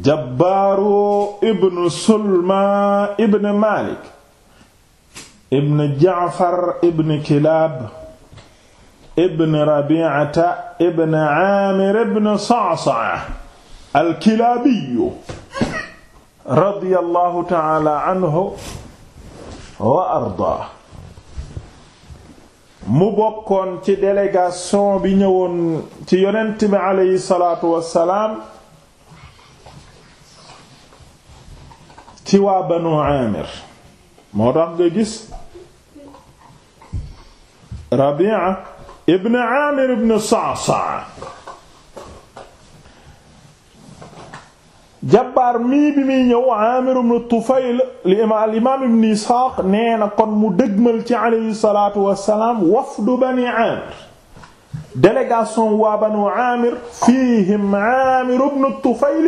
jabbaaru ibn sulma ibn malik ibn jaafar ibn kilaab ibn rabi'ata ibn aamir ibn sa'sa'a al-kilaabiyu radiyallahu ta'ala anhu wa ardaa mu bokkoon ci délégation bi ñëwoon ci yonent bi aleyhi salaatu wassalaam ci waa banu amir moo tax nga gis rabia ibn amir ibn sa'sa jabbaar mii bi muy ñëw amir ibn tufayl al imaam ibn isxaaq nee na kon mu dëgmal ci aleyhi salaatu wassalaam wafdu bani amir délégation waa banu amir fiihim amir ibn tufayl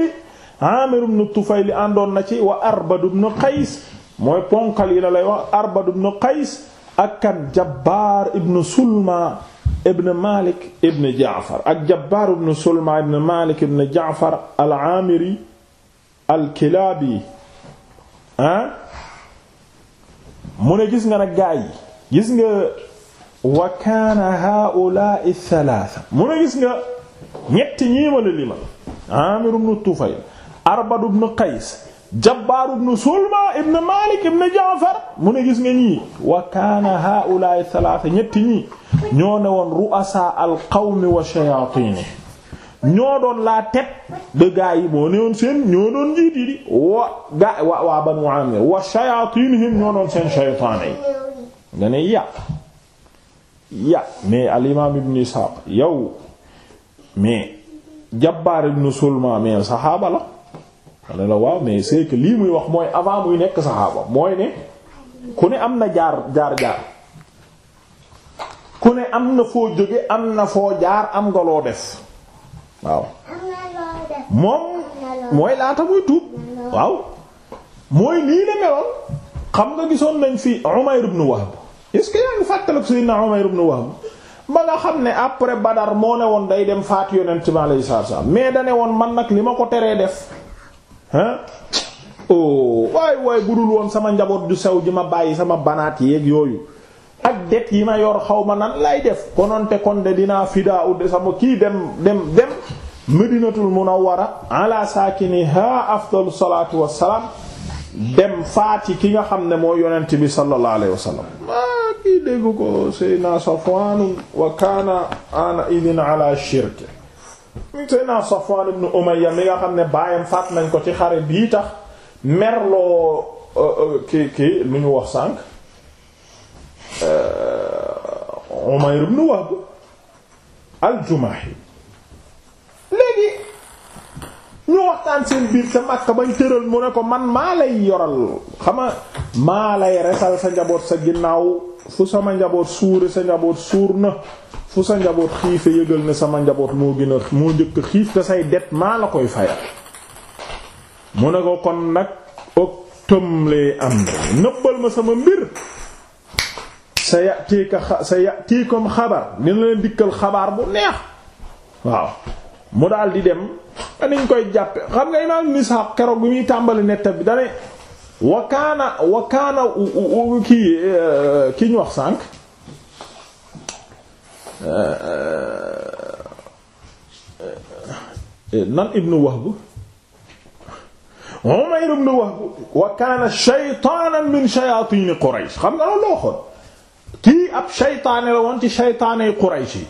Amir ibn Tufayl àndoon na ci wa Arbad ibn Qays mooy ponkal yi la lay wax Arbad ibn Qays ak kan Jabbaar ibn Sulma ibn Malik ibn Jaafar ak Jabbaar ibn Sulma ibn Malik ibn Jaafar al-Amiri al-Kilabi ah mu ne gis nga nag gaa yi gis nga wa kaana haa'ulaa'i thalaatha mu ne gis nga ñetti ñiimala lima Aamir ibn Tufayl Arbad ibn Qays Jabbaar ibn Sulma ibn Malik ibn Jaafar mu ne gis nga ñii wa kaana haa'ulaa'i salaasa ñetti ñii ñoo ne woon ru'asaa al qawmi wa shayaatiini ñoo doon la tête de gaa yi moo ne woon seen ñoo doon seen shaytaane yi nga ne ya ya mais al imaam ibn Isxaaq yow mais Jabbaar ibn Sulma mais saxaaba la xale la waaw mais c'est lii muy wax mooy avant muy nekk saxaaba mooy ne ku ne am na jaar jaar jaar ku ne am na foo jóge am na foo jaar am nga loo def waaw moom mooy laata muy tuub waaw mooy nii la meloon xam nga gisoon nañ fi Umayr ibn Wahb est-ce que yaa ngi fàttaliku sayyidina Umayr ibn Wahb ba nga xam ne après Badar moo ne woon day dem faat yonent bi alayhi salaam mais da woon man nag li ma ko teree def hein oh, waay waay budul woon sama njaboot ju sew ji ma bàyyi sama banaat yeeg yooyu ak det yi ma yor xaw ma nan lay def kononte kon de dinaa fidaa udd sama kii dem dem dem madinatul munawwara ala saakiniha afdalu salaatu wassalaam dem faati ki nga xam ne moo yonent bi sallallahu alayhi wa maa kii dégg ko Seydina Safwaan wa kaana ana idin ala shirk Seydina Safwan ibn Umayya mi nga xam ne baayam faat nañ ko ci xare bii tax merloo euh, euh, kii kii lu ñu wax sànq euh, Umayr ibn Wahb al-Jumahi léegi ñu waxtaan seen biir sa Makka bañ tëral mu ne ko man maa lay yoral xama maa lay resal sa njaboot sa ginnaaw fu sama njaboot suure sa njaboot suur na fu sa njaboot xiife yëgal ne sama njaboot moo gën a moo njëkk xiif te say det maa la koy fayal mu ne ko kon nag oktom lay am nëbbal ma sama mbir sa yatiika sa yatiikum xabar dina leen dikkal xabaar bu neex waaw mu daal di dem aniñ koy jàppe xam nga imaam Ibn Ishaq keroog bi muy tàmbali netta bi dane wa kaana wa kaana kii eh, ki ñu wax sànq eh, eh, nan ibnu Wahb Umayr ibn Wahb wa kaana shaytaanan min shayaatiini Quraysh xam nga loolu la waxoon kii ab shaytaane la woon ci shaytaane Quraysh yi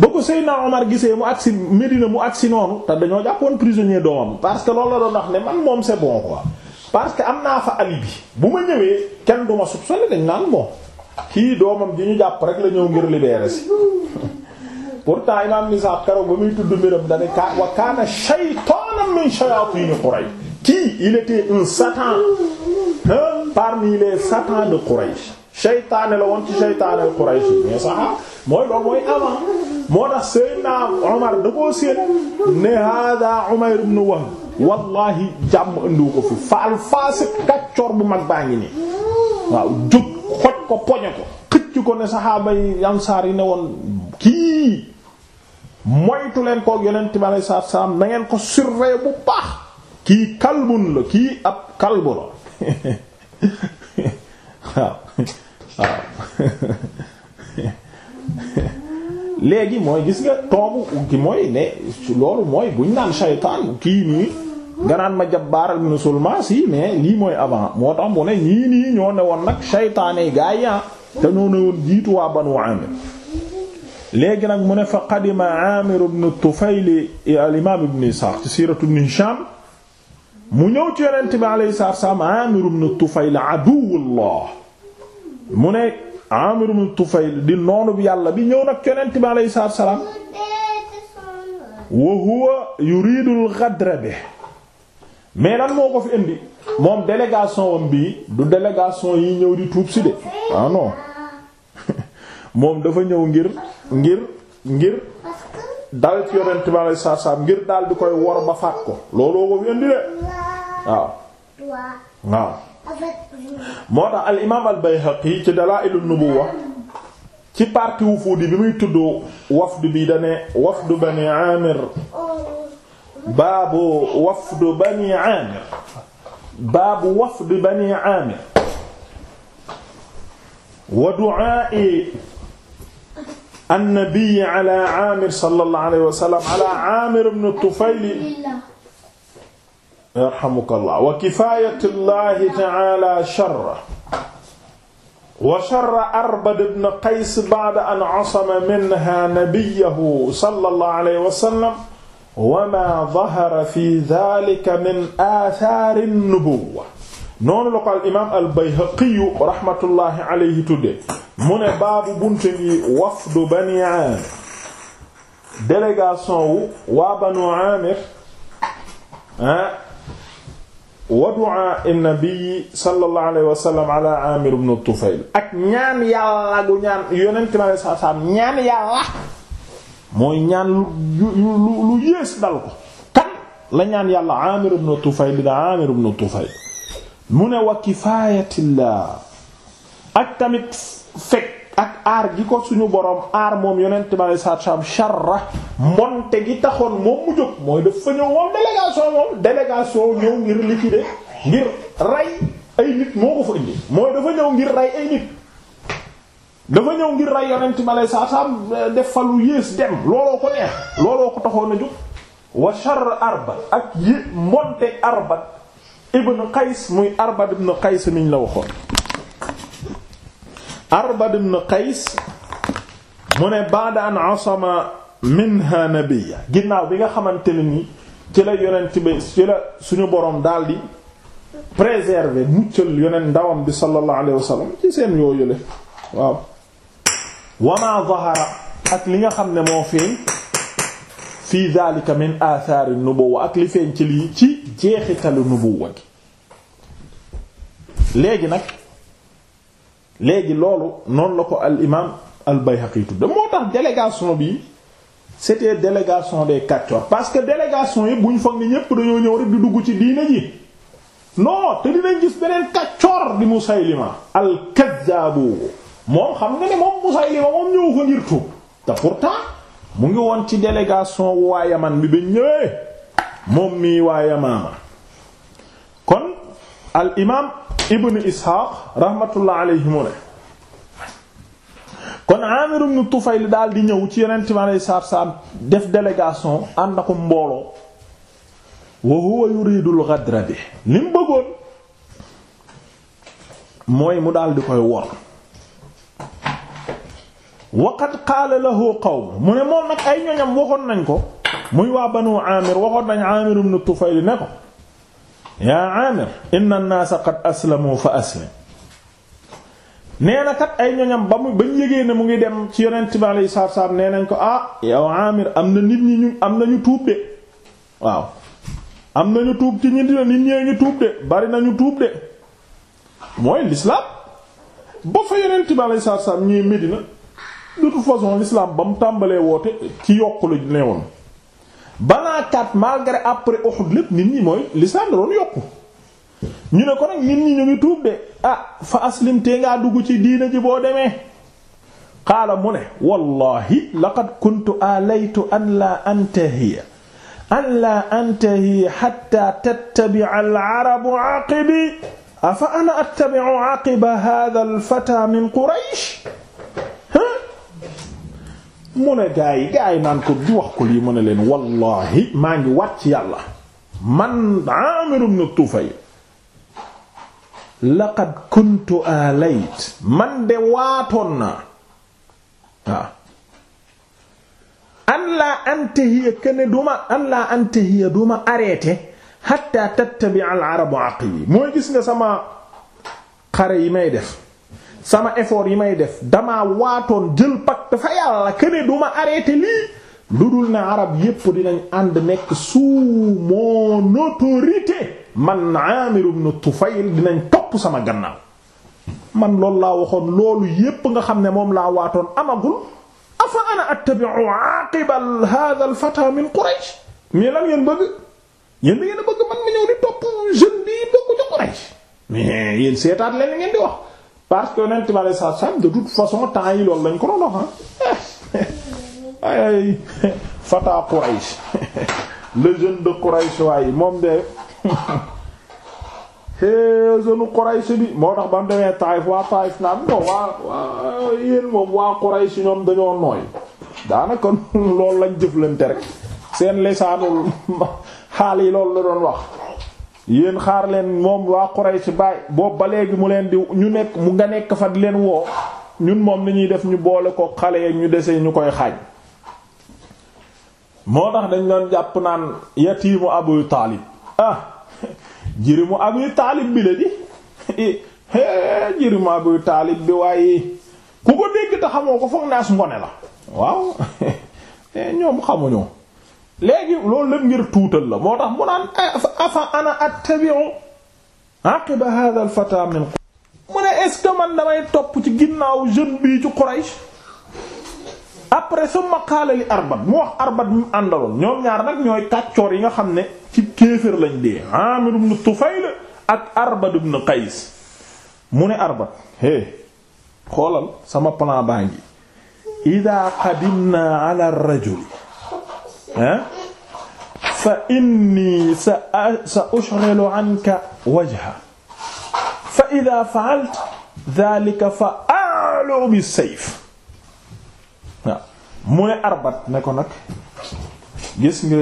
ba ko Seydina Omar gisee mu agsi Medina mu agsi noonu te dañoo jàppoon prisonnier doomam parce que loolu la doon wax ne man moom c'est bon quoi parce que am naa fa alibi bu ma ñëwee kenn du ma soupçonné dañ naan bon kii doomam ji ñu jàpp rek la ñëw ngir libérer si pourtant imaam Nisaa keroog ba muy tudd mbiram da ne ka wa kaana shaytaanan min shayaatiini Quraysh kii il était un satan parmi les satans de Quraysh shaytaane la woon ci shaytaanel Quraysh mais sax mooy loolu mooy avant moo tax Seydina Omar da koo seet ne haadaa Umayr ibn Wahb wallahi jàmm andiwu ko fi faal faasik kàccoor bu mag baa ngi nii waaw jóg xoj ko poñe ko xëcc ko ne saxaaba yi ansaar yi ne woon kii moytu leen koog yonent bi aleyhi salaam na ko surveiller bu baax kii kalbun la kii ab kalbu la waaw waaw léegi mooy gis nga tomb ki mooy ne loolu mooy buñ naan shaytaan kii nii nga ma Jabbaar ibn Sulmas yi mais lii mooy avant moo tax mu ne ñii ñoo ne woon nag shaytaane gaa yi ah, te ñoo ne woon jiitu waa Banu Aamir léegi nag mu ne fa qadima Aamir ibn Tufayl al imaam ibn Isaaq ci siiratu ibn Hishaam mu ñëw ci yonent bi alayhi salaam Aamir ibn Tufayl aduwwullah mu ne Amir ibn Tufayl di noonub yàlla bi ñëw nag yonent bi alayhi salaatu wa salaam wa huwa yuridul ghadra bi mais lan moo ko fi indi moom délégation wam bii du délégation yi ñëw di tuub si de ah moom dafa ñëw ngir ngir ngir dal ci yonent bi alayhi salaam ngir daal di koy wor ba faat ko looloo ko fi indi de waaw waaw moo tax al imaam al Bayhaqi ci Dalaa'il an-Nubuwwa ci partie wu fuudi bi muy tudd wafdu bi dane wafdu bani Aamir baabu wafdu bani Aamir baabu wafdu bani Aamir wa du'aa'i an-nabiyyi ala Aamir sallallahu alayhi wa sallam ala Aamir ibn Tufayl yarhamukallah wa kifaayatullahi ta'ala sharra wa sharra Arbad ibn Qays ba'da an asama minha nabiyyahu sallallahu alayhi wa sallam wa ma dhahara fi dhalika min athari an-nubuwwa noonu la ko al imaam al Bayhaqi rahmatullahi alayhi tudde mu ne baabu bunte gi wafdu Bani Aamir délégation wu waa Banu Aamir ah wa du'a an-nabi sallallahu alayhi wa sallam ala Amir ibn Tufayl ak ñaan yàlla gu ñaan yonent mi alayhi salaam ñaan yàlla mooy ñaan lu lu lu yées dal ko kan la ñaan yàlla Amir ibn Tufayl da Amir ibn Tufayl mu ne wa kifaayatillah ak tamit fekk ak aar gi ko suñu borom aar moom yonent bi alei satu salam charra gi taxoon moom mu jóg mooy dafa ñëw moom délégation moom délégation ñëw ngir liquider ngir rey ay nit moo ko fa indi mooy dafa ñëw ngir rey ay nit dafa ñëw ngir rey yonent bi alei euh, def fa lu yées dem looloo ko neex looloo ko taxoon a jóg wa charr arbat ak yi monte arbat ibn qays muy arbat ibn qays miñ la waxoon Arbad ibn Qays mu ne ba'da an asama minha nabiyya ginnaaw bi nga xamante ne ni ci la yonent bi ci la suñu boroom daldi préserver muccal yonent ndawam bi sallallahu alayhi wa sallam ci seen yoo yële waaw wama zahara ak li nga xam ne moo feeñ fii dhalika min athari nubuwa ak li feeñ ci lii ci jeexitalu nubuwa gi léegi nag léegi loolu noonu la ko al imaam al Bayhaqi tudd moo tax délégation bi c'était délégation des kàccoor parce que délégation yi bu ñu foog ni ñépp dañoo ñëw rek di dugg ci diine ji non te dinañ gis beneen kàccoor di Musaylima al kazzaabu moom xam nga ne moom Musaylima moom ñëw ko ngir tuub te pourtant mu ngi woon ci délégation waa Yaman bi ba ñëwee moom mii waa Yamaama kon al imaam ibn Isxaaq rahmatullah alayhi mu ne kon Aamir ibn Tufayl daal di ñëw ci yonent mi alayhi salaatu def délégation ànd ak mbooloo wa huwa yuridul ghadra bi li mu bëggoon mooy mu daal di koy wor waqad qaala lahu qawm mu ne moom nag ay ñoñam waxoon nañ ko muy waa banu Aamir waxoon nañ Aamir ibn Tufayl ne ko yaa amir inna naasa qad aslamu fa aslim nee na kat ay ñoñam ba mu bañ yégee ne mu ngi dem ci yeneen bi alayhi salaatu salaam nañ ko ah yow amir am na nit ñi ñu am nañu tuub de waaw am nañu tuub ci ñi dina nit ñee ngi tuub de bari nañu tuub de mooy l'islam ba fa yonent bi alayhi salaatu salaam ñee Medina de toute façon l'islam ba mu tàmbalee woote ci yokku la ne balaa kat malgré après Uhud lépp nit ñi mooy lislaam da yokku ñu ne ko nag nit ñi tuub de ah fa aslim te ngaa dugg ci diina ji boo demee qaala mu ne wallahi laqad kuntu alaytu an laa antahiya an laa antahiya hatta tattabi'a al-arabu aqibi afa ana attabi'u aqiba hadha al-fata min quraysh mu ne gaa yi gaa yi naan ko di wax ko lii mën a leen wallahi maa ngi wàcc yàlla man Aamir ibn Tufayl laqad kuntu alayt man de waatoon naa waaw ante laa antahiya kene duma an laa tattabi al arabu aqiyi mooy gis nga sama xare yi may def sama effort yi may def damaa waatoon jël pacte fa yàlla que ne du ma arrêté lii lu dul ne arab yépp dinañ ànd nekk sous mon man Aamir ibn Tufayl dinañ topp sama gannaaw man loolu laa waxoon loolu yépp nga xam ne moom laa waatoon amagul afa ana attabi'u aqiba hadha al fata min Quraysh mais lan ngeen bëgg yéen da ngeen a bëgg man ma ñëw di topp jeune bi bokku ci Quraysh mais yéen seetaat leen ngeen di wax parce que yonent bi alayhi salaatu salaam de toute façon temps yi loolu lañ ko doon wax ah. ay Fata Quraish le jeune de Quraish waaye moom de hee jeune Quraish bi moo tax ba mu demee Taïf waa Taïf naan non waa waa yéen moom waa Quraish ñoom dañoo nooy daanaka loolu lañ jëflante rek seen lisaanul xaal yi loolu la doon wax. yéen xaar leen moom waa Quraysh baay boobu ba léegi mu leen di ñu nekk mu nga nekk fa di leen woo ñun moom li ñuy def ñu boole ko xale yeeg ñu dese ñu koy xaaj moo tax dañ doon jàpp naan yatiimu Abu Taalib ah jirimu Abu Taalib bi la di eh, jirimu Abu Taalib bi waaye ku ko dégg te xamoo ko foog naas ngone la waaw eh, ñoom xamuñu léegi loolu lépp ngir tuutal la moo tax mu naan afa ana attabi'u aqiba hadha al fata min mu ne est damay topp ci ginnaaw jeune bii ci Quraysh après summa qaala li Arbad mu wax Arbad mu àndaloon ñoom ñaar nag ñooy kàccoor yi nga xam ne ci kéefër lañ dee Amir ibn Tufayl ak Arbad ibn Qays mu ne Arbad hé xoolal sama plan baa ngi idaa qadimna ala ah fa inni sa sa ushghilu anka wajha fa idha fa'alta fa a'lu sayf waaw mu ne arbat ne ko nag gis nga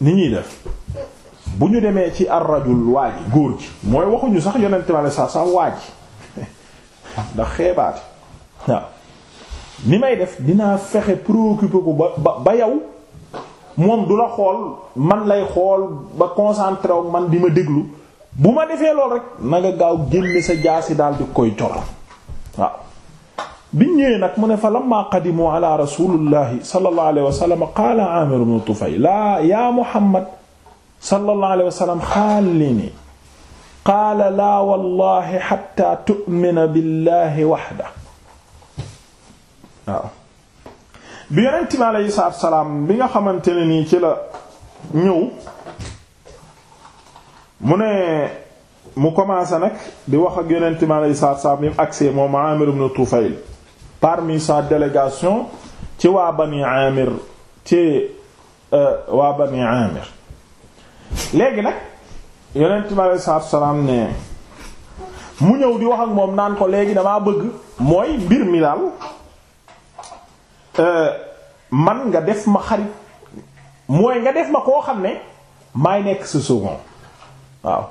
ni ñuy def bu ñu demee ci arrajul waa ji góor ji mooy waxuñu sax yonente ma la sax sax waa ndax xeebaate waaw ni may def dinaa fexe préoccupé ko ba ba yow moom du la xool man lay xool ba concentré wu man di ma déglu bu ma defee lool rek na nga gaaw génne sa jaasi daal di koy cor waaw biñ ñëwee nag mu ne fa lamma qadimu ala rasulillahi sallallahu alayhi wa sallam qaala Aamir ibn Tufayl laa yaa Muhammad sallallahu alayhi wa sallam xaalini qaala laa wallahi hatta tu'mina billahi wahda waaw bi yonent bi aleyhi salaam bi nga xamante ne nii ci la ñëw mu ne mu commencé nag di wax ak yonent bi aleyhi salaatu salaam bi mu agsee moom Amir ibn Tufayl parmi sa délégation ci waa Bani Amir ci euh, waa Bani Amir léegi nag yonent bi aleyhi salaam ne mu ñëw di wax ak moom naan ko léegi damaa bëgg mooy mbir mi daal. Euh, man nga def ma xarit mooy nga def ma koo xam ne maay nekk si second waaw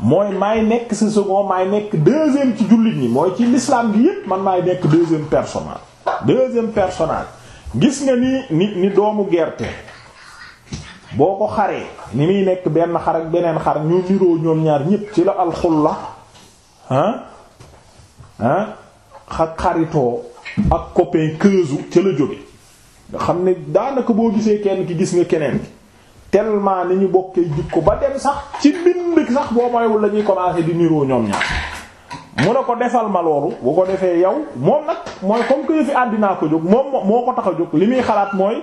mooy maay nekk sa second maay nekk deuxième ci jullit ñi mooy ci l'islam gi yépp man maay nekk deuxième personnage deuxième personal gis nga ni ni ni doomu gerte boo ko xaree ni muy nekk benn xar ak beneen xar ñu niroo ñoom ñaar ñépp ci la alxulla ah ah xaritoo ak copain kësu ca la jóge nga xam ne daanaka boo gisee kenn ki gis nga keneen ki tellement ni ñu bokkee ko ba dem sax ci mbind sax boo mayul la ñuy commencer di niroo ñoom ñaar mu ne ko defal ma loolu bu ko defee yow moom nag mooy comme que fi àddinaa ko jóg moom moo ko tax a jóg li muy xalaat mooy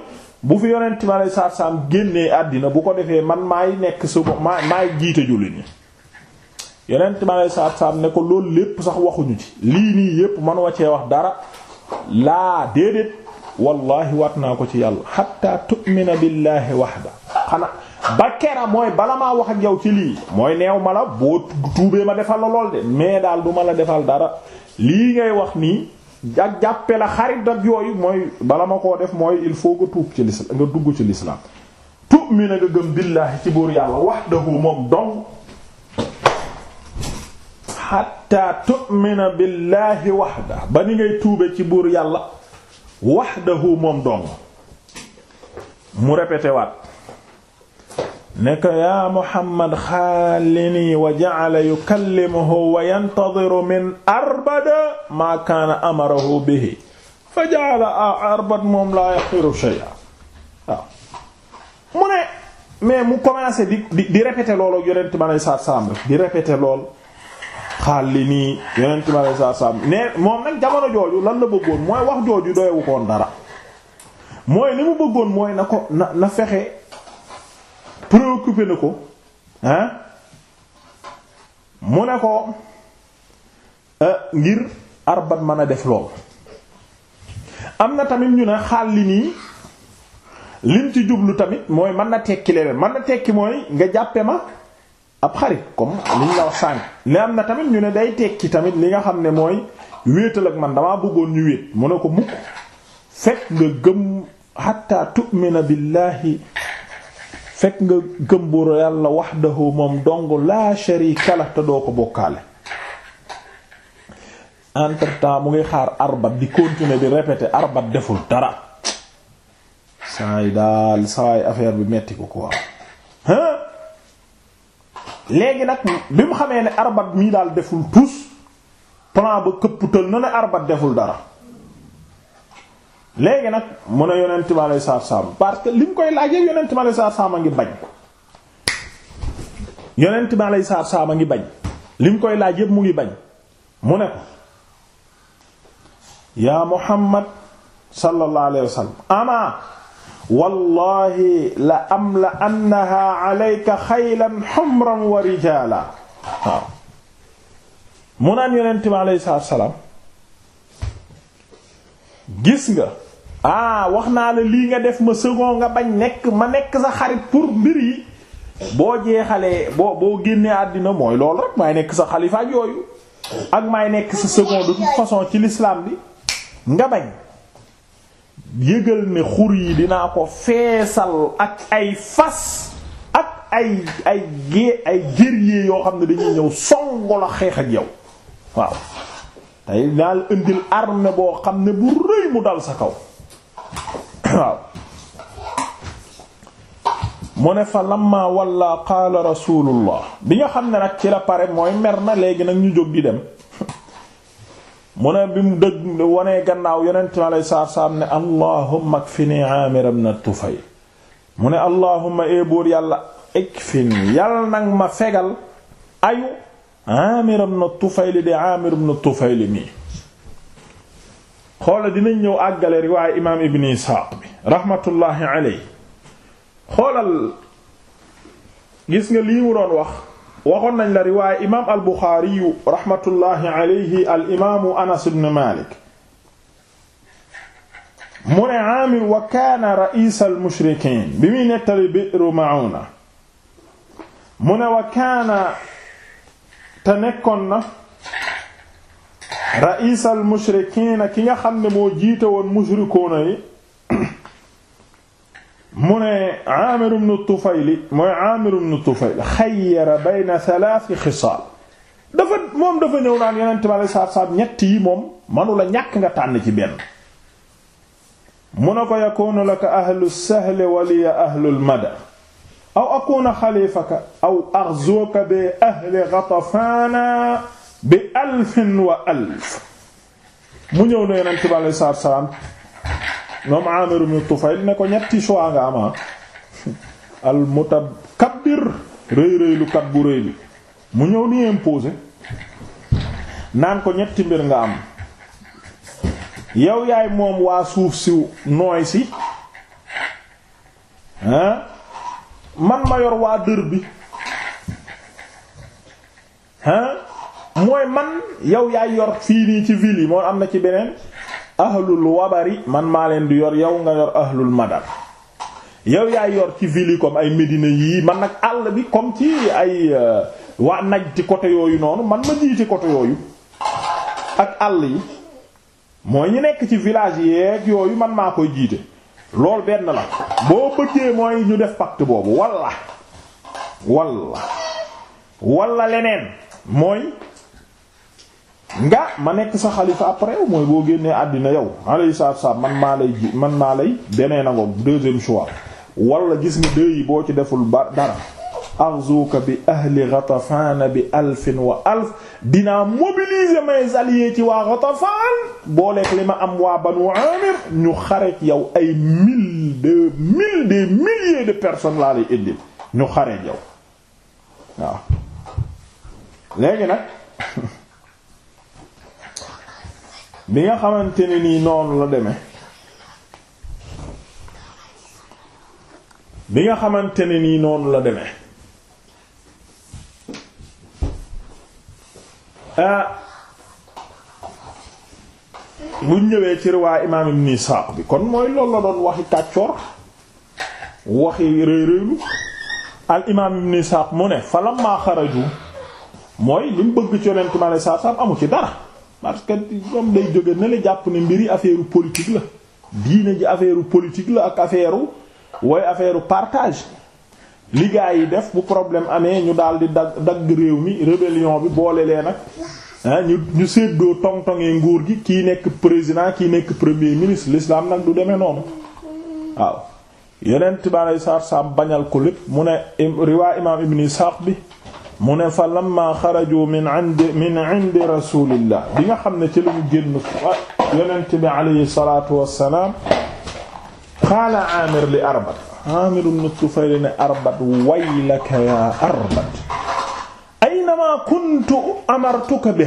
bu fi yonent ma lay saar saam génnee àddina bu ko defee man maay nekk su maa maay jiite jullit ñi yonent ma lay saam ne ko loolu lépp sax waxuñu ci lii nii yépp man wax dara laa déedéet wallahi waat naa ko ci yàlla hatta tu'mina billahi wahda xana ba kera mooy bala maa wax ak yow ci lii mooy neew ma la boo tuubee ma defal la lool de mais daal du ma la defal dara lii ngay wax nii ak jàppe la xarit ak yooyu mooy bala ma koo def mooy il faut nga tuub ci l'islam nga dugg ci l'islam na nga gëm billaahi ci buur yàlla wahdahu moom dong xatta tu'mina billaahi waxda ba ni ngay tuube ci buur yàlla waxdahu moom dong mu répété waat ne ko yaa Muhammad xaalini wa ja'ala yukallimuhu wa yantadiru min arbada maa kaana amarahu bihi fa ja'ala ah, arbad moom laa yaqiru shay'a waaw mu ne mais mu commencé di di répété loolu ak yonent bi alayhi salaam rek di répété lool xaal li nii yonent bi alei saatu salaam ne moom nag jamono jooju lan la bëggoon mooy wax jooju doyewu koon dara mooy li mu bëggoon mooy na ko na na fexe préoccupé na ko hein mu ne ko euh, ngir arbat mën a def lool am na tamit ñu ne xaal li nii lim ci jublu tamit mooy man na tekki leneen mën na tekki mooy nga jàppe ma ab xarit comme liñ la wax sànq li am na tamit ñu ne day tekki tamit li nga xam ne mooy wéetal ak man damaa bëggoon ñu wéet mu ne ko mukk fekk nga gëm hatta tu'mina billahi fekk nga gëm buur yàlla wahdahu moom dong la sharika la te doo ko bokkaale entre temps mu ngi xaar arbat di continuer di répéter arbat deful dara saay daal saay affaire bi metti ko quoi hein léegi nag bi mu xamee ne arbat mii daal deful tous plan ba këpputal na ne arbat deful dara léegi nag mu ne yonent ma lay saar saam parce que li mu koy laajee yonent ma lay saar saam a ngi bañ yonent ma lay saar saam a ngi bañ li mu koy laaj yépp mu ngi bañ mu ne ko yaa Muhammad sallallahu alayhi wa wallahi la am la annaha alayka xaylan xumran wa rijaala waaw mu naan yonent bi alayhi salaatu salaam gis nga ah wax naa la lii nga def ma sëgoo nga bañ nekk ma nekk sa xarit pour mbir yi boo jeexalee boo boo génnee àddina mooy loolu rek maay nekk sa xalifa ak yooyu ak maay nekk sa second de toute façon ci lislaam bi nga bañ yëgal ne xur yi dinaa ko feesal ak ay fas ak ay ay gée ay guerrier yoo xam ne dañuy ñëw songo la xeex ak yow waaw tey daal indil armée boo xam ne bu rëy mu dal sa kaw waaw mu ne fa lamma walla qaala rasulullah bi nga xam ne nag ci la pare mooy mer na léegi nag ñu jóg di dem mu ne bi mu dëj wanee gannaaw yonent mi alay saar saam ne allahumma kfini Aamir ibn mu ne allahumma ee eh buur yàlla ikfini yàlla nag ma fegal ayu Aamir ibn Tufayl di Aamir ibn Tufayl mii xoola dinañ ñëw àggale riwaay imaam ibn Isxaaq bi raxmatullaahi alay xoolal gis nga lii mu doon wax waxoon nañ la riwaaya imaam al Buxaari yu rahmatullahi alayhi Anas ibn Malik mu ne wa kaana ra'iisal mushrikiin bi muy nettali Bi'ru Ma'uuna mu ne wa kaana te nekkoon na ra'iisal ki nga xam ne moo jiite woon mushrikuuna yi mu ne Aamir ibn Tufayl mooy Aamir ibn Tufayl xayyara bayna thalathi xisaal dafa moom dafa ñëw naan yonent ma la saab saab ñett yi moom manu la ñàkk nga tànn ci benn mu ne ko yakunu laka ahlu sahl waliya ahlu lmada aw akuna xalifaka aw axzuka bi ahli Ghatafana bi alfin wa alf mu ñëw na yonent ma la saab saab moom Amir ibn Tufayl ne ko ñetti choix nga am ah. al mutakabbir rëy rëy lu kat bu rëy bi mu ñëw di imposer naan ko ñetti mbir nga am yow yaay moom waa suuf si nooy si hein man ma yor waa dër bi hein mooy man yow yaay yor fii nii ci ville yi moo am na ci beneen ahlul wabari man maa leen di yor yow nga yor ahlul madar yow yaay yor ci ville yi comme ay Médina yii man nag àll bi comme ci ay euh, waa Najd ci côté yooyu noonu man ma jiite côté yooyu ak àll yi mooy ñu nekk ci village yeeg yooyu man maa koy jiite loolu benn la boo bëggee mooy ñu def pacte boobu walla walla walla leneen mooy nga ma nekk sa xalifa après mooy boo génnee àddina yow alayhi salaatu salaam man maa lay man maa lay beneen a ngoom deuxième choix gis nga deux yi boo ci deful ba dara arzuka bi ahli Ghatafan bi alfin wa alf dinaa mobiliser mes alliés ci waa Ghatafan booleeg li ma am waa Banu Amir ñu xareek yow ay mille de mille des milliers de personnes laa lay indi ñu xareek yow waaw léegi nag bi nga xamante ne nii noonu la deme bi nga xamante ne nii noonu la deme mu ah. bu ñëwee ci riwaa imaam ibn Isaaq bi kon mooy loolu la doon waxi kàccoor waxi rëy rëylu al imaam ibn Isaaq mu ne fa lammaa xaraju mooy li bëgg ci yonent mi alayhi amu ci dara parce que comme day jóge na la jàpp ne mbiri affaire politique la diine ji affaire politique la ak affaire way affaire partage li yi def bu problème amee ñu daal di dagg dagg réew mi rébellion bi boole lee nag ah ñu ñu tong-tongee nguur gi kii nekk président kii nekk premier ministre l'islam nag du demee noonu waaw yeneen tibaanay saar bañal ko mu ne riwaa imaam ibn Ishaq bi mu ne fa lamma xaraju min indi min indi rasulillah bi nga xam ne ci lañu génn yonent bi alayhi salatu wassalaam qaala amir li arbat amir ibn tufayl ne arbat waylaka ya arbat aynama kuntu amartuka bi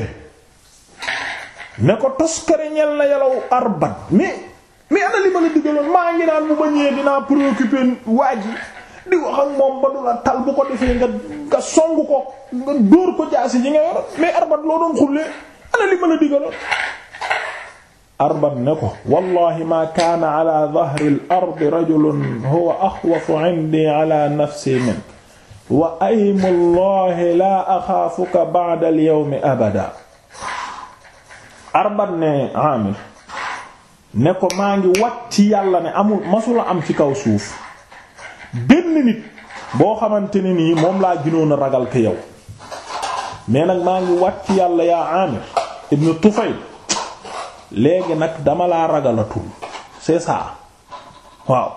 ne ko toskare ñel na yalaw arbat mais mais ana li ma la digaloon maa ngi naan mu bañee dinaa préoccupé waa ji di wax ak moom ba du la tal bu ko nga nga nga dóor jaasi yi nga yor mais arbat loo doon xullee ana ma la digaloon arbat ne ko wallahi ma kaana ala dhahri al-ard rajulun huwa axwafu indi ala nafsi min wa aymu llahi la axaafuka ba'da al-yawmi arbat ne Aamir ne ko maa wat ci ne amul masula am ci kaw suuf benn nit boo xamante ne nii moom laa gënoon a ragal ko yow mais nag maa ngi wàcc yàlla yaa Amir ibn Tufayl léegi nag dama laa ragalatul c'est ça waaw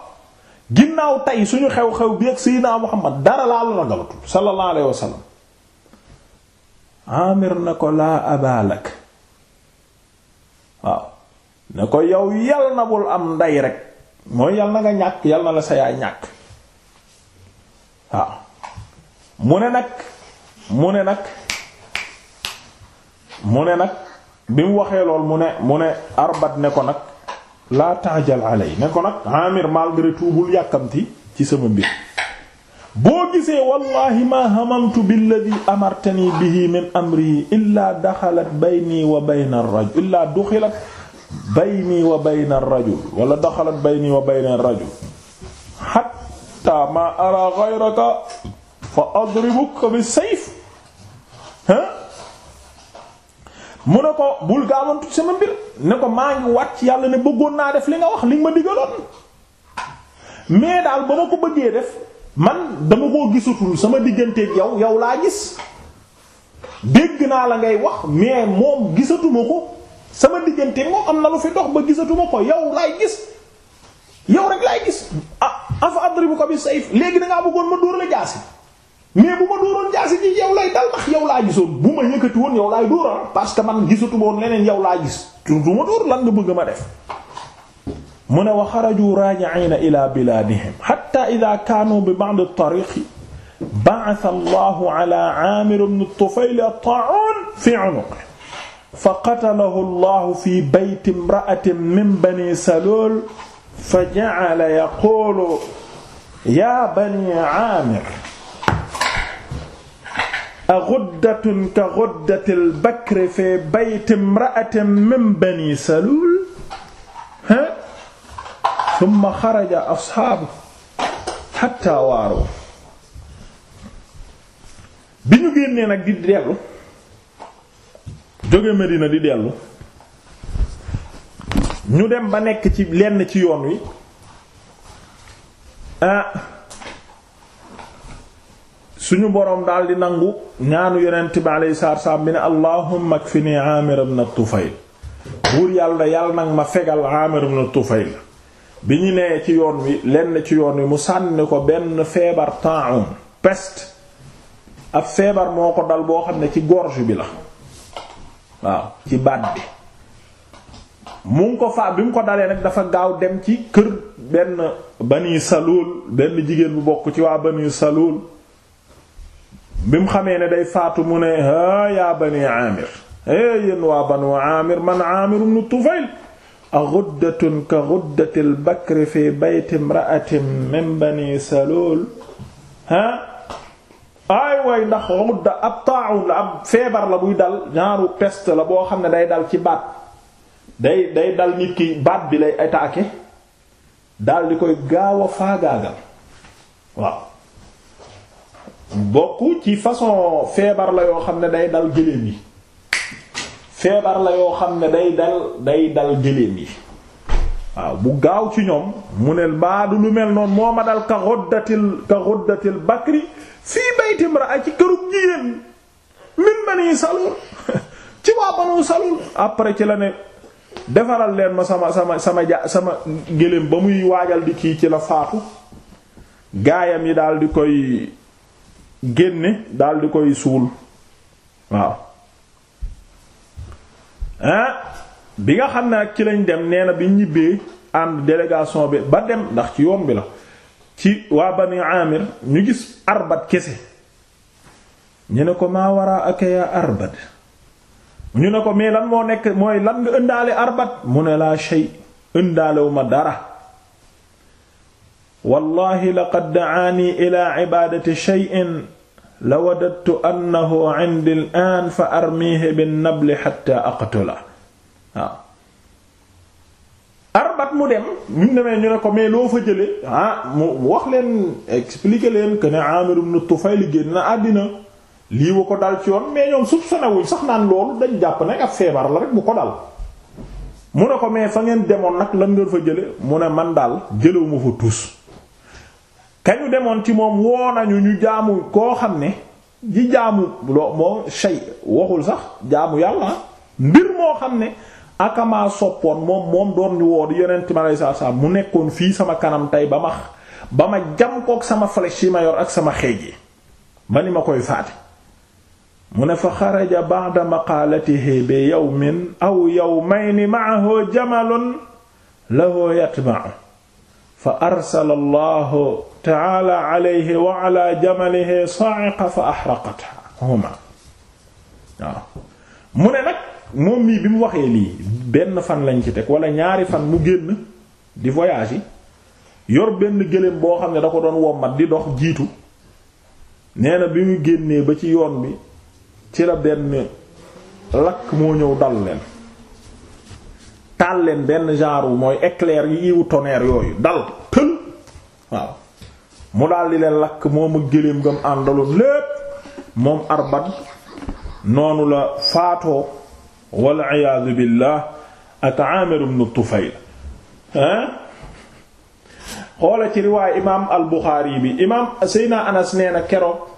ginnaaw tey suñu xew-xew bi ak Seydina Muhammad dara laa la ragalatul sallallahu alayhi Amir na ko laa abaalak waaw ne ko yow yal na bul am ndey rek mooy yal na nga ñàkk yal na la sa yaay ñàkk waaw mu ne nag mu ne nag mu ne nag bi mu waxee lool mu ne mu ne arbat ne ko nag laa taajal alay ne ko nag amir malgré tout bul yàkkamti ci sama mbir boo gisee wallahi ma hamamtu billadi amartani bihi min amri illaa daxalat bayni wa bayna ar-rajul illaa duxilat bayni wa bayna ar-rajul wala daxalat bayni wa bayna ar-rajul hatta ma ara ghayraka fa adribuka bi sayf mu ne ko bul gaawantu sama mbir ne ko maa ngi wat ci yàlla ne bëggoon naa def li nga wax liñ ma digaloon mais daal ba ma ko bëggee def man dama koo gisatul sama digganteeg yow yow laa gis dégg naa la ngay wax mais moom gisatuma ko sama digganteeg moom am na lu fi dox ba gisatuma ko yow laay gis yow rek laay gis ah, afa adribuka bi sayf léegi da ngaa bëggoon ma dóor la jaasi mais bu ma dóoroon jaasi ji yow lay dal ndax yow laa gisoon bu ma yëkkati woon yow laay dóora ah. parce que man gisatu woon leneen yow laa gis du ma dóor lan nga bëgg ma def mu ne wa xaraju raji'ina ila bilaadihim hatta idha kaanu bi ba'd at-tariq ba'atha Allahu ala Aamir ibn at-Tufayl at-ta'aan fi 'unuqihi fa qatalahu Allahu fi bayti imra'atin min bani Saluul fa ja'ala yaqulu yaa bani aamir aghuddatun ka ghuddatil bakri fi bayti imra'atin min bani saluul ha thumma kharaja ashaabu hatta waaru bi ñu génnee nag di dellu jóge Medina di dellu ñu dem ba nekk ci lenn ci yoon wi ah, suñu boroom daal di nangu ñaanu yonent bi alayhi salaatu salaam bi ne allahumma kfini Aamir ibn Tufayl buur yàlla yàlla nag ma fegal Aamir ibn Tufayl bi ñu nee ci yoon wi lenn ci yoon wi mu sànni ko benn feebar ta'un peste ab feebar moo ko dal boo xam ne ci gorge bi la waaw ci baat bi mu ngi ko faa bi mu ko dalee nag dafa gaaw dem ci kër benn bani saluul benn jigéen bu bokk ci waa bani saluul bi mu xamee ne day faatu mu ne a yaa bani aamir é eh, yéen waa banu aamir man aamir ibn tufayl axuddatun ka xuddatil bakri fi bayti imra'atin min bani saluul ah aay way ndax xudda ab taa'un la ab feebar la buy dal genre pest la boo xam ne day dal ci baat day day dal nit ki baat bi lay attaquer dal di koy gaaw a faagaagal waaw bokk ci façon feebar la yoo xam ne day dal gëléem yi feebar yoo xam ne day dal day dal gëléem yi waaw bu gaaw ci ñoom mu ne baa du lu mel noonu moo ma dal ka xoddatil ka xoddatil bakri fii bayti imra'a ci kërug jigéen min bani salul ci waa banu salul après ci la ne defaral leen ma sama sama sama ja sama gëléem ba muy waajal di kii ci la faatu gaayam yi daal di koy génne daal di koy suul waaw ah bi nga xam ne nag ci lañ dem neena na bi ñibbee ànd délégation bi ba dem ndax ci yoon bi la ci waa bani amir ñu gis arbat kese ñu ne ko maa waraa aka arbat ñu ne ko mais lan moo nekk mooy lan nga ëndaale arbat mu ne laa shay ëndaalewuma dara wallahi laqad da'aani ila ibaadati shay'in la wadattu annahu 'indi al-aan fa armihi bin nabli hatta aqtula arbat mu dem ñu ne ko mais loo fa jële ah mu wax leen expliquer leen que ne Aamir ibn Tufayl génn àddina lii wa ko dal ci yoon mais ñoom suuf sanawuñ sax naan loolu dañ jàpp nag ak feebar la rek ko dal mu ne ko mais fa ngeen demoon nag lan ngeen fa jële mu ne man daal jëlewu ma fa tus demoon ci moom woo nañu ñu jaamu koo xam ne ji jaamu loo moo shay waxul sax jaamu yàlla ah. mbir moo xam ne akamaa soppoon moom moom doon woo di yeneen ma mu nekkoon fii sama kanam tey ba ma ba ma jam kook sama flèche yi ma ak sama xeej yi ba ni ma koy faate mu ne fa xaraja ba'da maqaalatihi bi yawmin aw yawmayni ma'ahu jamalun lahu yatba'u fa arsala allahu ta'ala alayhi wa ala jamalihi waaw mu ne nag moom mii bi mu waxee lii benn fan lañ ci teg wala ñaari fan mu génn di voyage yi yor benn gëléem boo xam ne da ko doon wommat di dox jiitu nee bi mu génnee ba ci yoon bi ci la benn lakk moo ñëw dal leen taal benn genre mooy éclair yi yiwu tonnerre yooyu dal tël waaw mu daldi leen lakk moom ak géléem ngam àndaloon lépp moom arbad noonu la faatoo wal iyaadu billah ak Aamir ibn Tufayl hein xoola ci riwaay imaam al bi imaam Seydina Anas nee keroog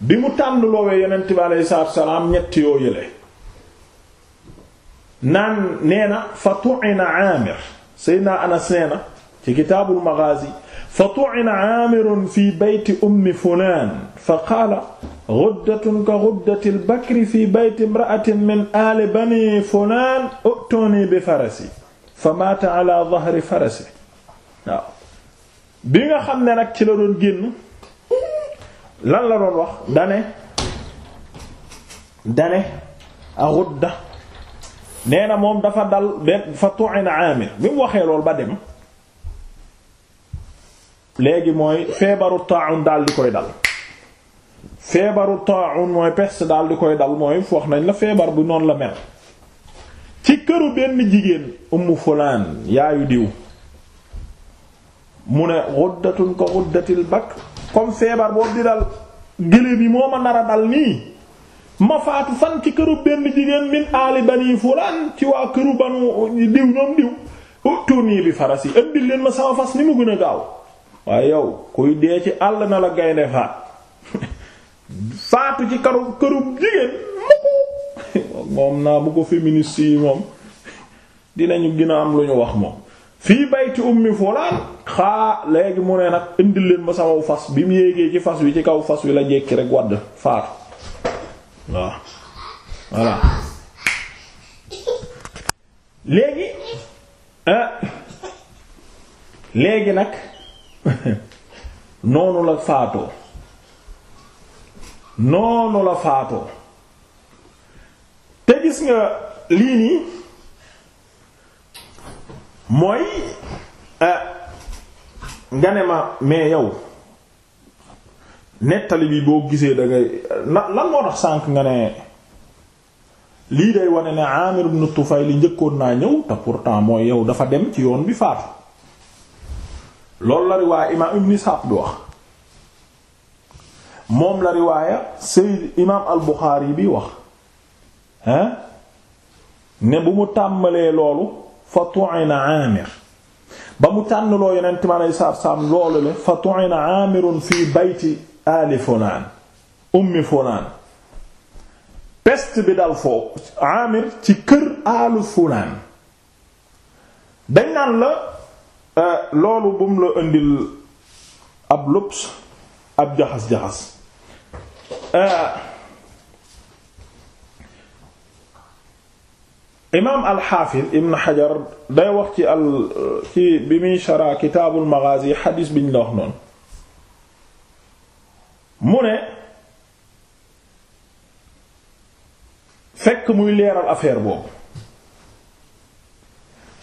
bi mu tànn loowee yonent bi aleyhi salaatu wa salaam ñett yoo yële naan nee na fa tu'ina Aamir Seydina Anas nee na ci kitaabul Maghaazi fa tu'ina Aamirun fi bayti ummi fulaan fa qaala ghuddatun ka ghuddatil bakri fi bayti imra'atin min aali banii fulaan u'tuunii bi farasi fa maata alaa dhahri farasi waaw bi nga xam ne nag ci la doon génn lan la doon wax dane dane arudda nee na moom dafa dal benn fa tu'ina Amir bi mu waxee lool ba dem léegi mooy feebaru ta'un daal di koy dal feebaru ta'un mooy peste daal di koy dal mooy wax nañ la feebar bu noonu la mel ci këru benn jigéen ummu fulaan yaayu diw mu ne xuddatun ko xuddatil bakr comme feebar boobu di dal gëléem yi moo ma nar dal nii ma faatu fan ci këru benn jigéen min aali bani ci waa këru banu diw ñoom diw utuni bi faras yi ëndil leen ma sama fas ni mu gën a gaaw waaye yow kuy dee ci àll na la gaynde faat faatu ci karu këru jigéen mu ko moom naa bu ko féministe yi moom dinañu gën a am lu ñu wax moom fii bayti ummi fulaan xaa léegi mu ne nag indil ma sama fas bi mu yéegee ci fas wi ci kaw fas wi la jekki rek wadd faatu waaw voilà léegi ah, léegi nag noonu la faatoo noonu la faatoo te gis nga lii nii mooy euh, nga ne ma mais yow nettali bi boo gisee da ngay lan moo tax sànq nga ne lii day wane ne Amir ibn Tufayl li njëkkoon naa ñëw te pourtant mooy yow dafa dem ci yoon bi faatu loolu la riwaaya imaam Ibn Sa'd bi wax moom la riwaaya Sayyid imaam al-Bukhari bi wax hein ne bu mu tàmbalee loolu. fa tu'ina aamir ba mu tànnloo yonent ma lay saab saam loolu le fa tu'ina aamirun fii bayti ali fulaan ummi fulaan peste bi dal foofu aamir ci kër alu fulaan dañ naan la euh, loolu bu mu ab lubs ab jaxas jaxas euh, imaam alxaafid ibn xajar day wax ci al ci bi muy shara kitaabul maghazi xadiis biñ la wax noonu mu ne fekk muy leeral affaire boobu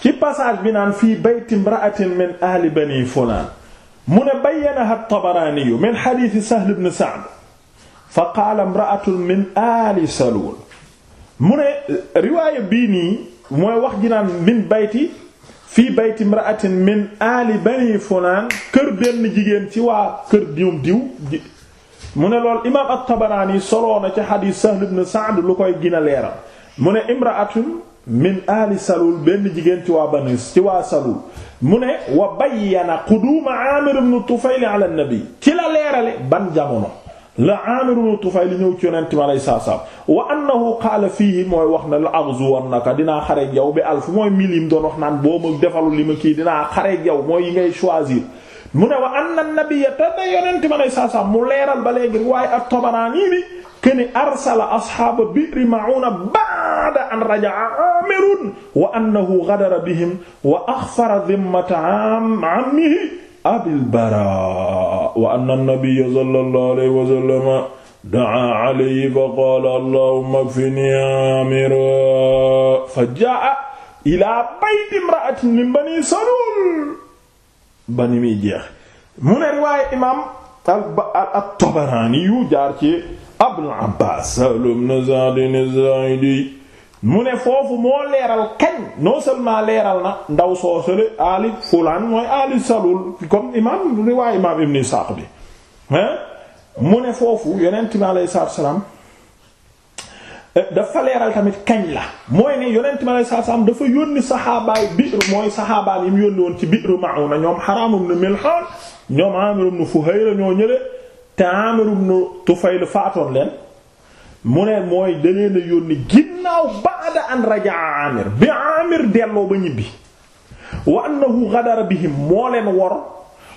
ci passage bi naan fii bayt imra'atin min ahli bani fulaan mu ne bayyanaha at-tabaraani min xadiis sahl ibn sa'd fa qaala imra'atun min aali saluul mu ne euh, riwaaya bii nii mooy wax ji naan min bayti fii bayti imra'atin min ali bani fulaan kër benn jigéen ci waa kër ñoom diw mu ne lool imaam at-Tabaraani soloo na ci xadiis Sahl ibn Sa'd lu koy gën a leeral mu ne imra'atun min ali salul benn jigéen ci waa bani ci waa salul mu ne wa bayyana quduuma Aamir ibn Tufayl ala nabi ci la leerale ban jamono la Aamir Tufayl ñëw ci yonent bi alayhi salaam wa annahu qaala fiihi mooy wax ne la aghzuwannaka dinaa xareeg yow bi alf mooy milim doon wax naan boo ma defalu li ma kii dinaa xareeg yow mooy yi ngay choisir. mu ne wa anna nabiyya te ne yonent bi alayhi salaam mu leeral ba léegi waaye at-Tabaraani bi kene arsala ashaaba bi'ri Ma'uuna ba'da an raja'a Aamirun wa annahu ghadara bihim wa akhfara dhimmata ammihi abil baraa wa anna nabiyya sallallahu alayhi wa sallam daa alayhi fa qaala allahumma kfinii aamira fa jaa ilaa bayti imra'atin min bani saluul ba ni muy jeex mu ne riwaaye imaam at-Tabaraani yu jaar ci Abul Abbaas Sahl ibn Sa'd az-Zaa'idi mu ne foofu moo leeral kañ non seulement leeral na ndaw soo sale ali fulaan mooy ali salul comme imam riwaay imam ibn Isaaq bi mu ne foofu yonent bi alayhi salaatu salaam eh, dafa leeral tamit kañ la mooy ne yonent bi alayhi salaatu salaam dafa yónni saxaabaay biir mooy saxaabaan yi mu yónni woon ci biir Ma'una ñoom Haraam ibn Milhaan ñoom Aamir ibn Fuhayra ñoo ñële te Aamir ibn Tufayl faatoon leen mu ne mooy daleen a yónni ginnaaw ba'da an rajaa amir bi amir delloo ba ñibbi wa annahu ghadara bihim moo leen wor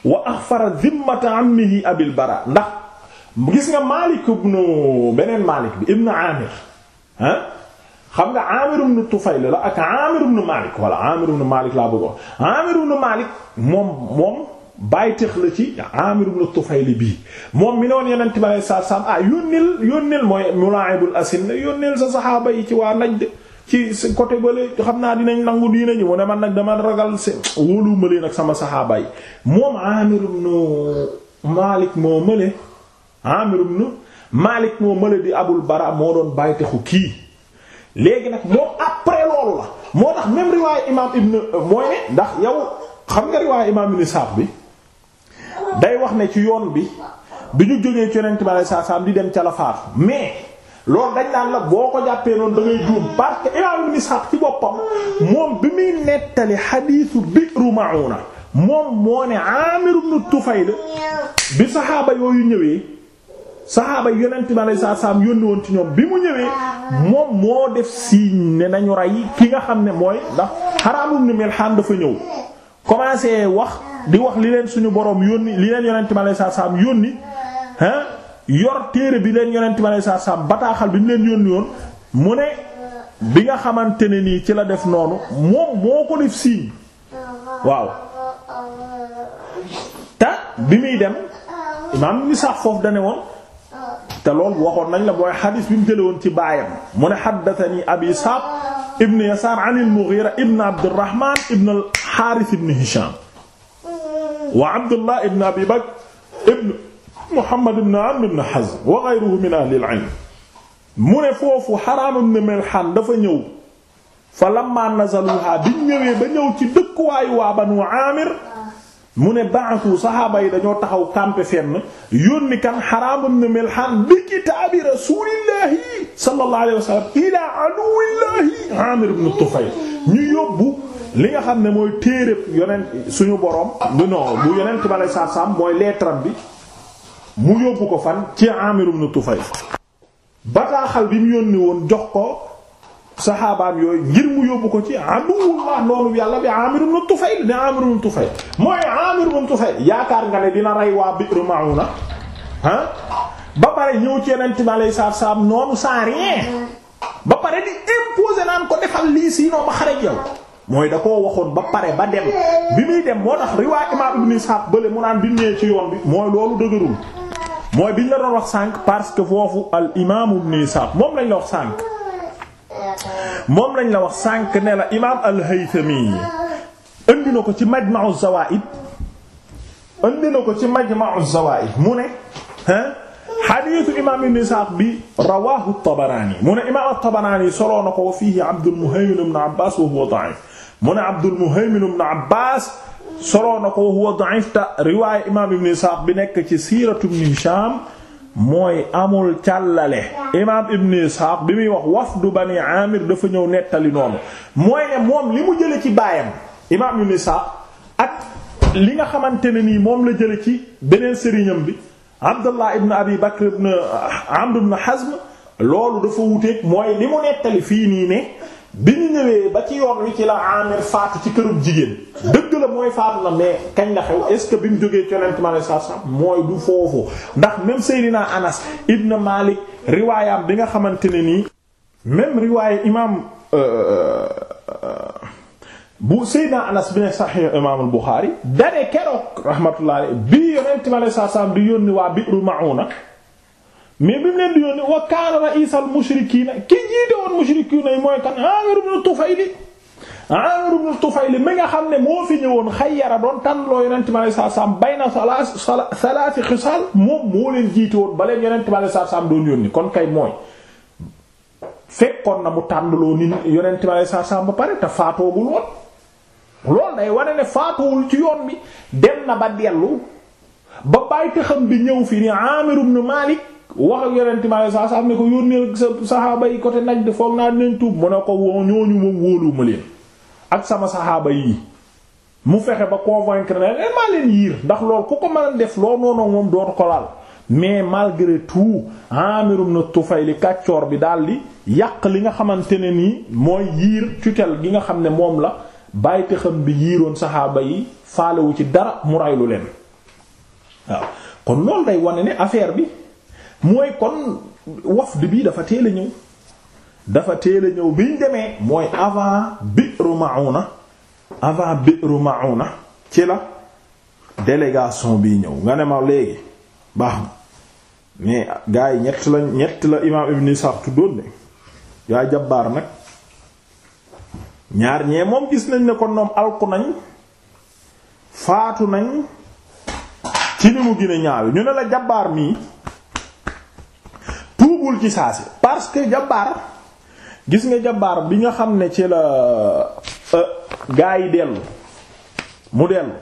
wa akhfara dhimmata ammihi abil bara ndax gis nga Maalik ibnu beneen Maalik bi ibnu amir ah xam nga Amir ibn Tufayl la ak Amir ibn Malik walla Amir ibn Malik laa bëgg wax Amir ibn Malik moom moom bàyteex la ci Amir ibn Tufayl bii moom mi ne woon yeneen tubaab yi saa saam ah yónnil yónnil mooy Mulaa'ibul Asin yónnil sa saxaaba yi ci waa Najd ci sa côté bële xam naa dinañ nangu diina ñu mu ne man nag dama ragal seen wóolu ma leen ak sama saxaaba yi moom Amir ibn Malik moo mële di Abul Bara moo doon bàyteexu kii léegi nag moom après loolu la moo tax même riwaayu imaam Ibn mooy ne ndax yow xam nga riwaayu imaam Ibn Sa'd bi. day wax ne ci yoon bi bi ñu jógee ci yonent bi alayhi salaam di dem ca la faatu mais lool dañ naan la boo ko jàppee noonu da ngay juum parce que imaam Ibn Ishaq ci boppam moom bi muy nettali xadiisu Bi'ru Ma'una moom moo ne Aamir ibn Tufayl bi saxaaba yooyu ñëwee saxaaba yonent bi alayhi salaam yónni woon ci ñoom bi mu ñëwee moom moo def signe ne nañu rey ki nga xam ne mooy ndax Haraam ibn Milhaan dafa ñëw commencé wax. di wax li leen suñu borom yónni li leen yonent bi alayhi salaam yónni ah yor téere bi leen yonent bi alayhi salaam bataaxal bi mu leen yónni woon mu ne bi nga xamante ne nii ci la def noonu moom moo ko def siiñ waaw te bi muy dem imaam ni sax foofu dane woon te loolu waxoon nañ la mooy xadis bi mu jëlee woon ci baayam mu ne haddathani abi Isaaq ibn Yasaar an al-Mughira ibn Abdurrahman ibn al-Harith ibn Hisham wa Abdullah ibn Abi Bakr ibn Muhammad ibn Amr ibn Hazm wa ghayruhu min ahli al-ilm mu ne foofu Haraam ibn Milhaan dafa ñëw fa lamma nazaluha bi ñëwee ba ñëw ci dëkkuwaayu waa Banu Aamir mu ne ba'athu saxaaba yi dañoo taxaw campé fenn yónni kan Haraam ibn Milhaan bi kitaabi rasuulillaahi sallallaahu alayhi wa sallam ilaa aduwwillaahi Aamir ibn Tufayl ñu yóbbu li nga xam ne mooy téere yonent suñu borom bu non bu yonent bi aleyhi salaatu salaam mooy leetaram bi mu yóbbu ko fan ci Amir ibn Tufayl bataaxal bi mu yónni woon jox ko saxaabaam yooyu ngir mu yóbbu ko ci aduwullah noonu yàlla bi ne Amir ibn Tufayl mooy Amir ibn Tufayl yaakaar nga ne dina rey waa Bi'r Ma'una ah ba pare ñëw ci yonent na aleyhi salaatu salaam noonu sans ba pare di imposer naan ko defal lii sinon ma xareeg mooy da koo waxoon ba pare ba dem bi muy dem moo tax riwaay imaam ibn Ishaq bële mu naan biñu ci yoon bi mooy loolu dëgërul mooy biñ la doon wax sànq parce que foofu al imaam ibn Ishaq moom lañ la wax sànq moom la wax sànq ne la imaam al-Haythami indi ko ci Majma'u Zawaa'id ko ci Majma'u Zawaa'id mu ne ah xadiisu imaam ibn Ishaq bi rawaahu at-Tabaraani mu ne imaam at-Tabaraani soloo ko wa fiihi Abdul Muhaymin ibn Abbaas wa huwa da'iif mu ne Abdul Muhaymin ibn Abbas soloo na ko huwa da'if ta imaam ibn Isxaaq bi nekk ci siiratu ibn Hishaam mooy amul càllale imaam ibn Isxaaq bi muy wax wafdu Bani Aamir dafa ñëw nettali noonu mooy ne moom li mu jële ci baayam imaam ibn Isxaaq ak li nga xamante ne nii moom la jële ci beneen sëriñam bi Abdullah ibn Abi Bakr ibn Amr ibn Hazm loolu dafa wuteeg mooy li mu nettali fii nii ne bi nu ñëwee ba ci yoon wi ci la Amir faatu ci kërub jigéen dëgg la mooy faatu na mais kañ la xew est ce que bi mu jógee ci Yonent mi sallallahu alayhi wasallam mooy du foofu ndax même Seydina Anas ibn Malik riwaayam bi nga xamante ne nii même riwaaya imaam euh, euh, bu Seydina Anas bi ne Sahih imaamul Buxaari dane keroog rahmatullahi bi Yonent mi sallallahu alayhi wasallam di yónni waa Bi'ru Ma'una mais bi mu leen di yónni wa kaana ra'iisal mushrikiina ki jiite woon mushrikiina yi mooy kan Aamir ibn Tufayli Aamir ibn Tufayli mi nga xam ne moo fi ñëwoon xayyara doon tànn loo Yonent bi alayhi salaam bayna salaasi xisaal moom moo leen jiite woon doon yónni kon kay mooy na mu tànn loo ni Yonent bi ba pare te faatoogul woon loolu day wane ne faatuwul ci yoon bi dem na ba dellu ba bàyyi xam bi ñëw fi ni Aamir ibn Maalik wax ak yonent mi saa saa ne ko yónnee sa saxaaba yi côté Najd foog naa dinañ tuub mu ne ko ñooñu moom wóoluwuma leen ak sama saxaaba yi mu fexe ba convaincre na leen maa leen yiir ndax lool ku ko mën def loo noonu moom dootu ko laal mais malgré tout Amir ibn Tufayl kàccoor bi daal di yàq li nga xamante ne nii mooy yiir tutelle gi nga xam ne moom la bàyyite xam bi yiiroon saxaaba yi faalewu ci dara mu raylu leen waaw kon loolu day wane ne affaire bi. mooy kon wafd bi dafa teel a ñëw dafa teel a ñëw biñ demee mooy avant Bi'ru Ma'una avant Bi'ru na ci la délégation bi ñëw nga ne ma léegi baax na mais gaa yi ñett lañ ñett la imaam Ibn Ishaq tuddoon ne yaa jabaar nag ñaar ñee moom gis nañ ne kon ñoom alku nañ faatu nañ ci ni mu gën a ñu ne la jabbaar mii tuubul parce que jabaar gis nga jabar bi nga xam ne ci la euh, gaa yi dellu mu dellu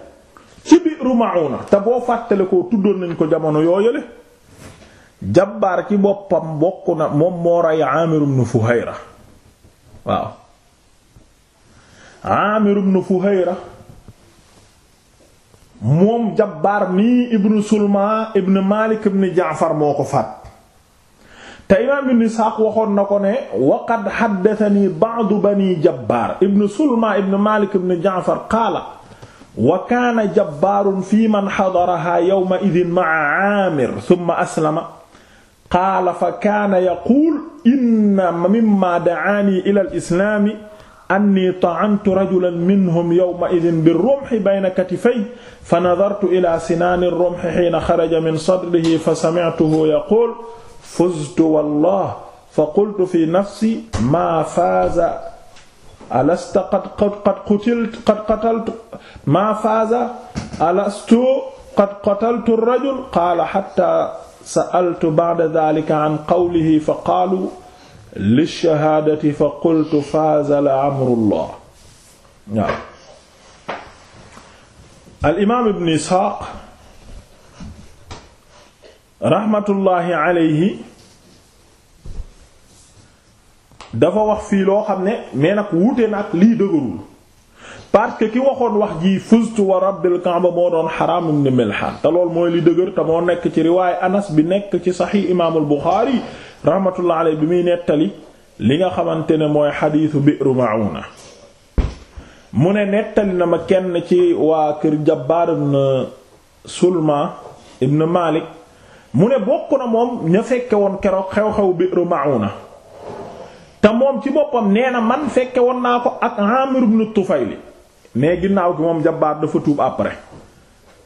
ci biiru Mauna te boo fàttale ko tuddoon nañ ko jamono yooyale jabaar ci boppam bokk na moom moo rey Amir ibn Fuhayra waaw Amir ibn Fuhayra moom jabaar nii ibnu Sulma ibnu Malik ibnu Jaafar moo ko faat te imaam ibn Isxaaq waxoon na ko ne wa qad haddathanii ba'du banii Jabbaar ibn Sulma ibn Maalik ibn Ja'far qaala wa kaana Jabbaarun fii man hadarahaa yawma idhin ma'a Aamir thumma aslama qaala fa kaana yaquulu inna mimmaa da'aanii ilal islaami anni ta'antu rajulan minhum yawma idhin bir-rumhi bayna katifayya fa nadartu ilaa sinaani ar-rumhi hiina kharaja min sadrihi fa sami'tuhu yaquulu fuztu wallah fa qultu fi nafsi maa faaza alasta qad qad qutiltu qad qataltu maa faaza alastu qad qataltu rajul qaala xatta sa'altu ba'da daalika an qawlihi fa qaalu lishahaadati fa qultu faaza la amrullah waaw al imaam ibn Isxaaq raxmatullaahi alayhi dafa wax fii loo xam ne mais nag wuute na lii dëgërul parce que ki waxoon wax ji fustu wa rabbil kaaba moo doon Haraam ibn Milhaan te lool mooy li dëgër te moo nekk ci riwaayu Anas bi nekk ci saxiix imaamul Buxaari rahmatullahi alayhi bi muy nettali li nga xamante ne mooy xadiisu Bi'ru Ma'uuna mu ne nettali na ma kenn ci waa kër Jabbaar ibn Sulma ibn Maalik mu ne bokk na moom ña fekke woon keroog xew-xew bi Bi'r na te moom ci boppam nee na man fekke woon naa ko ak Amir ibn Tufayl mais ginnaaw gi moom Jabbaar dafa tuub après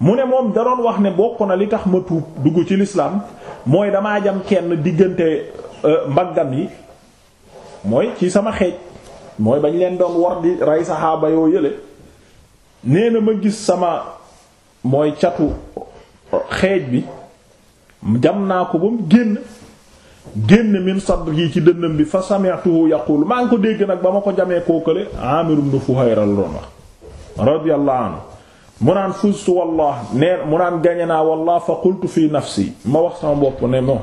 mu ne moom da doon wax ne bokk na li tax ma tuub dugg ci lislaam mooy damaa jam kenn diggante euh, mbaggam yi mooy ci sama xeej mooy bañ leen doon war di rey saxaaba yoo yële nee na ma gis sama mooy catu xeej bi jam naa ko ba mu génn génn min yi ci dënnam bi fa sami'tuhu yaqul maa ngi ko dégg nag ba ma ko jamee kookale Amir ibn Fuhayra la doon wax radiyallahu anhu mu wallah nee mu gañe naa wallah fa qultu fi nafsi ma wax sama bopp ne moo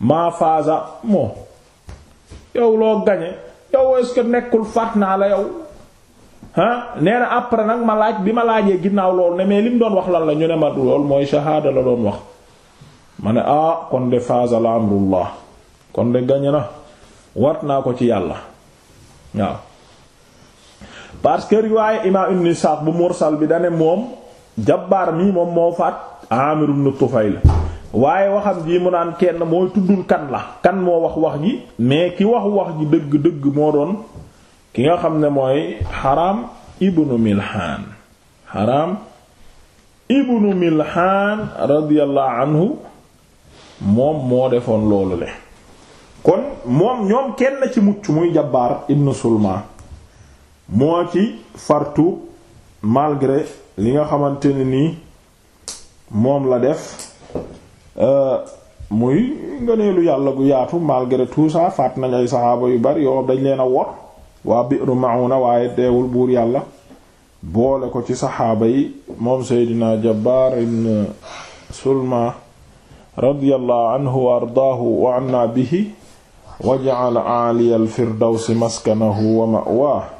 maa faasa moo yow loo gañe yow est-ce nekkul faat naa la yow ah nee na nag ma laaj bi ma laajee ginnaaw loolu ne mais li doon wax lan la ñu ne ma lool mooy shahaada la doon wax ma ne ah kon de faasa amrullah kon de gañe na wat naa ko ci yàlla waaw parce que riwaaye imaam ibn Isaaq bu mursal bi dane moom jabbaar mii moom moo faat Aamir ibn Tufayl waaye waxam ji mu naan kenn mooy tuddul kan la kan moo wax wax ji mais ki wax wax gi dëgg dëgg moo doon ki nga xam ne mooy Haram ibnu Milhaan Haram ibnu Milhaan radiyallahu anhu moom moo defoon loolu le kon moom ñoom kenn ci mucc muy Jabbaar ibn Sulma moo ci fartu malgré li nga xamante ne nii moom la def euh, muy ngëneelu yàlla gu yaatu malgré tout ça faat nañ ay saxaaba yu bari yoo dañ leen a wor waa Bi'ru Ma'una waaye teewul buur yàlla boole ko ci saxaaba yi moom Seydina Jabbaar ibn Sulma radiyallahu anhu wa ardaahu wa anna bihi wa ja'ala a'liyal firdawsi maskanahu wa ma'waahu